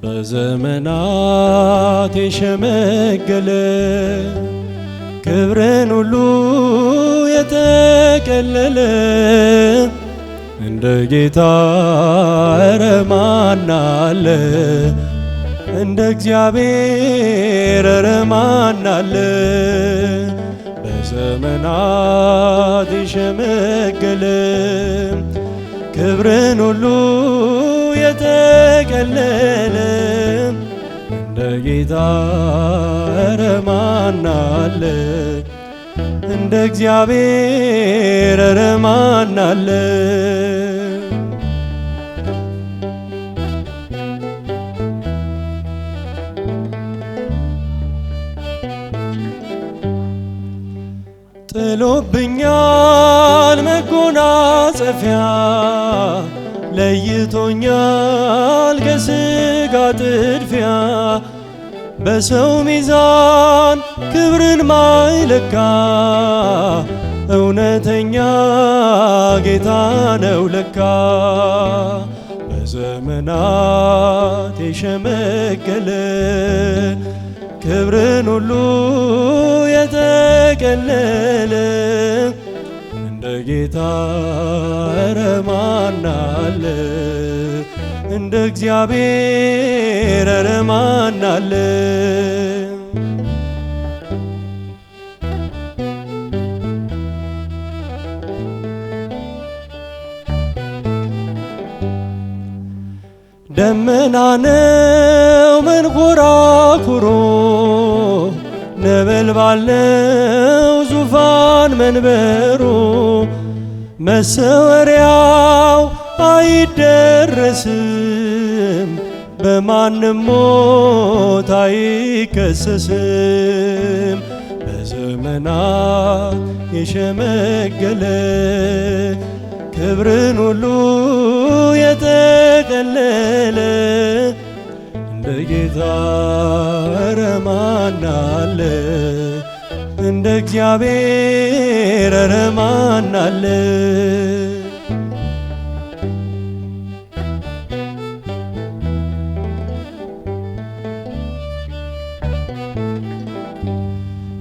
በዘመናት የሸመገለ ክብርን ሁሉ የተቀለለ እንደ ጌታ ኧረ ማን አለ? እንደ እግዚአብሔር ኧረ ማን አለ? በዘመናት የሸመገለ ክብርን ሁሉ የተገለለ እንደ ጌታ ኧረ ማን አለ? እንደ እግዚአብሔር ኧረ ማን አለ? ጥሎብኛል መጎናጸፊያ ለይቶኛል ከስጋ ጥድፊያ በሰው ሚዛን ክብርን ማይለካ እውነተኛ ጌታ ነው ለካ። በዘመናት የሸመገለ ክብርን ሁሉ የተቀለለ ጌታ ኧረ እንደ እግዚአብሔር ኧረ ማን አለ? ደመና ነው መንኮራኩሮ ነበልባል ነው ዙፋን መንበሩ መሰወሪያው አይደረስም፣ በማንም ሞት አይከሰስም። በዘመናት የሸመገለ ክብርን ሁሉ የጠቀለለ እንደ ጌታ ረማናለ እንደ እግዚአብሔር ኧረ ማን አለ?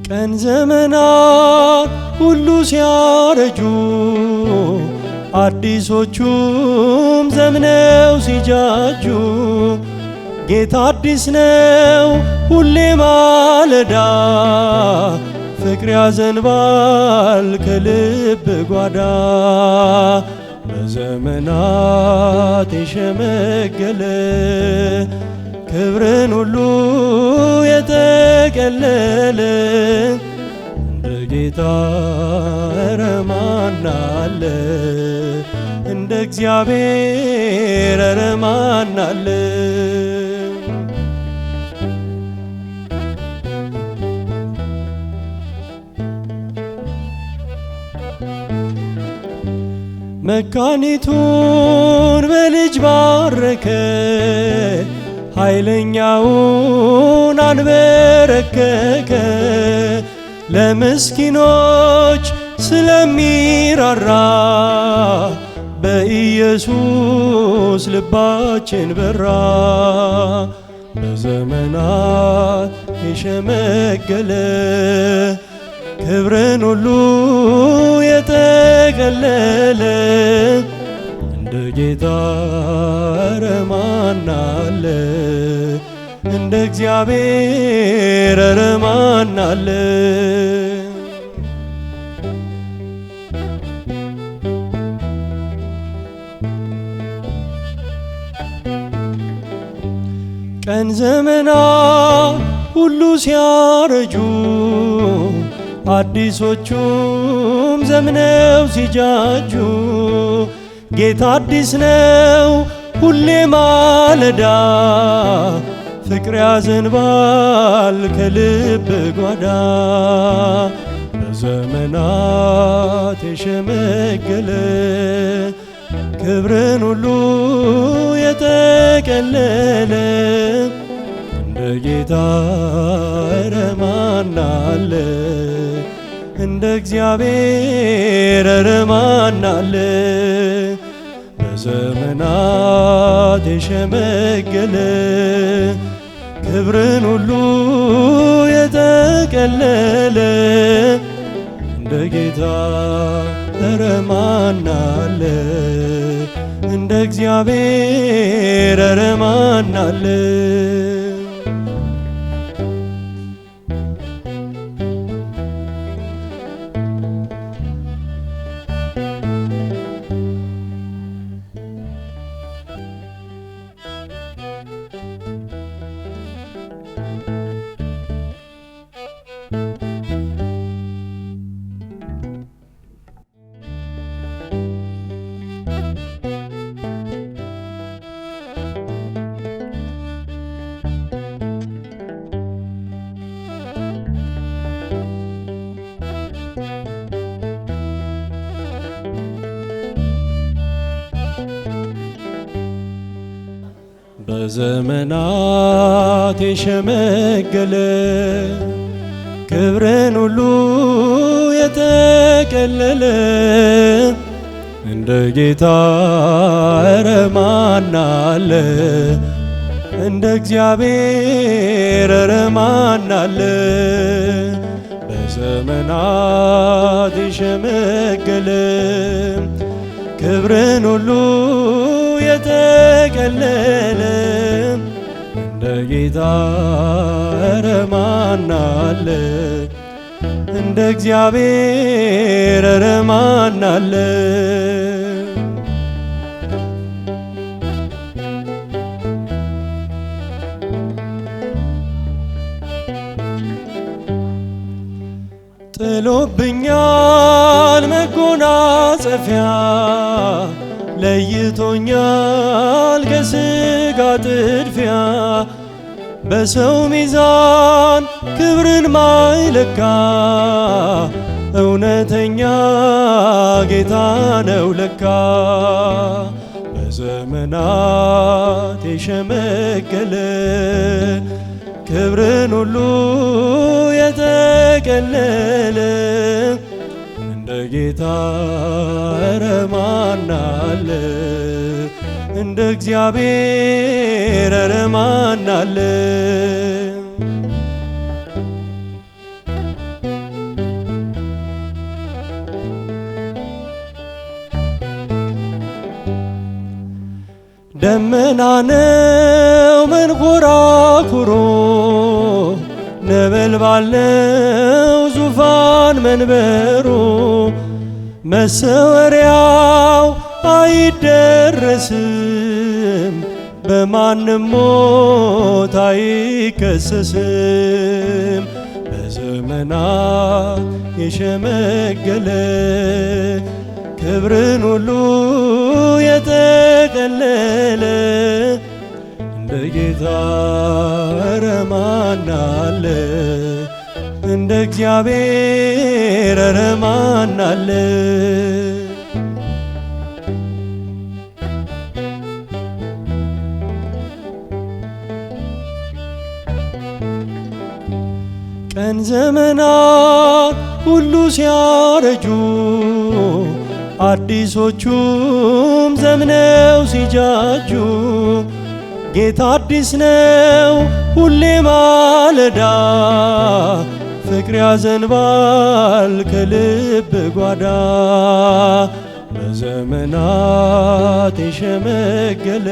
ቀን ዘመናት ሁሉ ሲያረጁ አዲሶቹም ዘምነው ሲጃጁ ጌታ አዲስ ነው ሁሌ ማለዳ ፍቅር ያዘንባል ከልብ ጓዳ በዘመናት የሸመገለ ክብርን ሁሉ የተቀለለ እንደ ጌታ ኧረ ማን አለ? እንደ እግዚአብሔር ኧረ ማን አለ? መካኒቱን በልጅ ባረከ፣ ኃይለኛውን አንበረከከ። ለምስኪኖች ስለሚራራ በኢየሱስ ልባችን በራ። በዘመናት የሸመገለ ክብርን ሁሉ የጠቀለለ እንደ ጌታ ረማናለ እንደ እግዚአብሔር ረማናለ ቀን ዘመና ሁሉ ሲያረጁ አዲሶቹም ዘምነው ሲጃጁ ጌታ አዲስ ነው ሁሌ ማለዳ ፍቅር ያዘንባል ከልብ ጓዳ በዘመናት የሸመገለ ክብርን ሁሉ የጠቀለለ እንደ ጌታ ረማናለን እንደ እግዚአብሔር በዘመናት የሸመገለ ክብርን ሁሉ የተቀለለ እንደ ጌታ ረማናለ እንደ እግዚአብሔር ረማናለ በዘመናት የሸመገለ ክብርን ሁሉ የተቀለለ እንደ ጌታ ኧረ ማን አለ? እንደ እግዚአብሔር ኧረ ማን አለ? በዘመናት የሸመገለ ክብርን ሁሉ የተቀለለ እንደ ጌታ ኧረ ማን አለ? እንደ እግዚአብሔር ኧረ ማን አለ? ጥሎብኛል መጎናጸፊያ ለይቶኛል ከስጋ ጥድፊያ በሰው ሚዛን ክብርን ማይለካ እውነተኛ ጌታ ነው ለካ። በዘመናት የሸመገለ ክብርን ሁሉ የተቀለለ ጌታ ረማናለ እንደ እግዚአብሔር ረማናለ ደመና ነው መንኮራኩሮ ነበልባለው ዙፋን መንበሩ መሰወሪያው አይደረስም፣ በማንም ሞት አይከሰስም። በዘመናት የሸመገለ ክብርን ሁሉ የጠቀለለ እንደ ጌታ ረማናለ እንደ እግዚአብሔር ኧረ ማን አለ? ቀን ዘመናት ሁሉ ሲያረጁ አዲሶቹም ዘምነው ሲጃጁ ጌታ አዲስ ነው ሁሌ ማለዳ ፍቅር ያዘንባል ከልብ ጓዳ በዘመናት የሸመገለ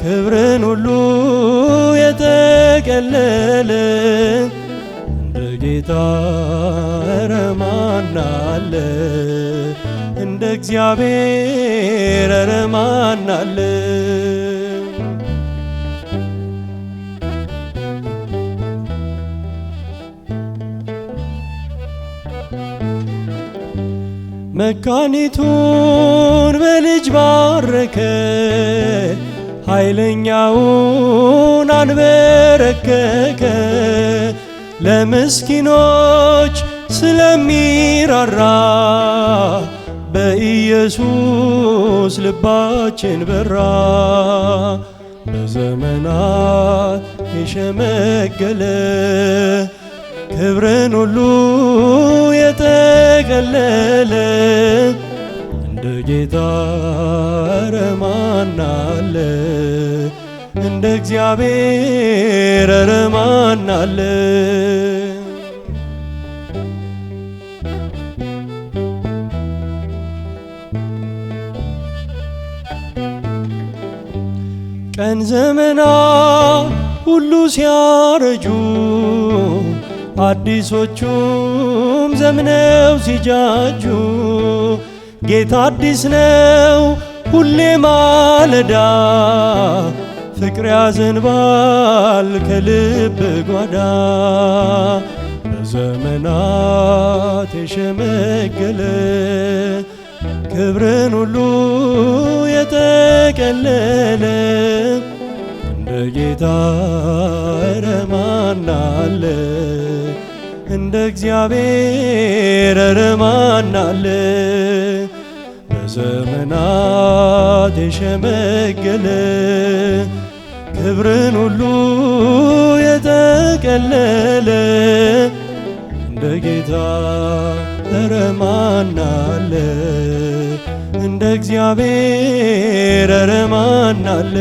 ክብርን ሁሉ የተቀለለ እንደ ጌታ ኧረ ማን አለ? እንደ እግዚአብሔር ኧረ ማን አለ? መካኒቱን በልጅ ባረከ፣ ኃይለኛውን አንበረከከ። ለምስኪኖች ስለሚራራ በኢየሱስ ልባችን በራ። በዘመናት የሸመገለ ክብርን ሁሉ የጠቀለለ እንደ ጌታ ረማናለ እንደ እግዚአብሔር ረማናለ ቀን ዘመና ሁሉ ሲያረጁ አዲሶቹም ዘምነው ሲጃጁ ጌታ አዲስ ነው ሁሌ ማለዳ ፍቅር ያዘንባል ከልብ ጓዳ በዘመናት የሸመገለ ክብርን ሁሉ የጠቀለለ ጌታ ረማናለ እንደ እግዚአብሔር ረማናለ በዘመናት የሸመገለ ክብርን ሁሉ የጠቀለለ እንደ ጌታ ረማናለ እንደ እግዚአብሔር ረማናለ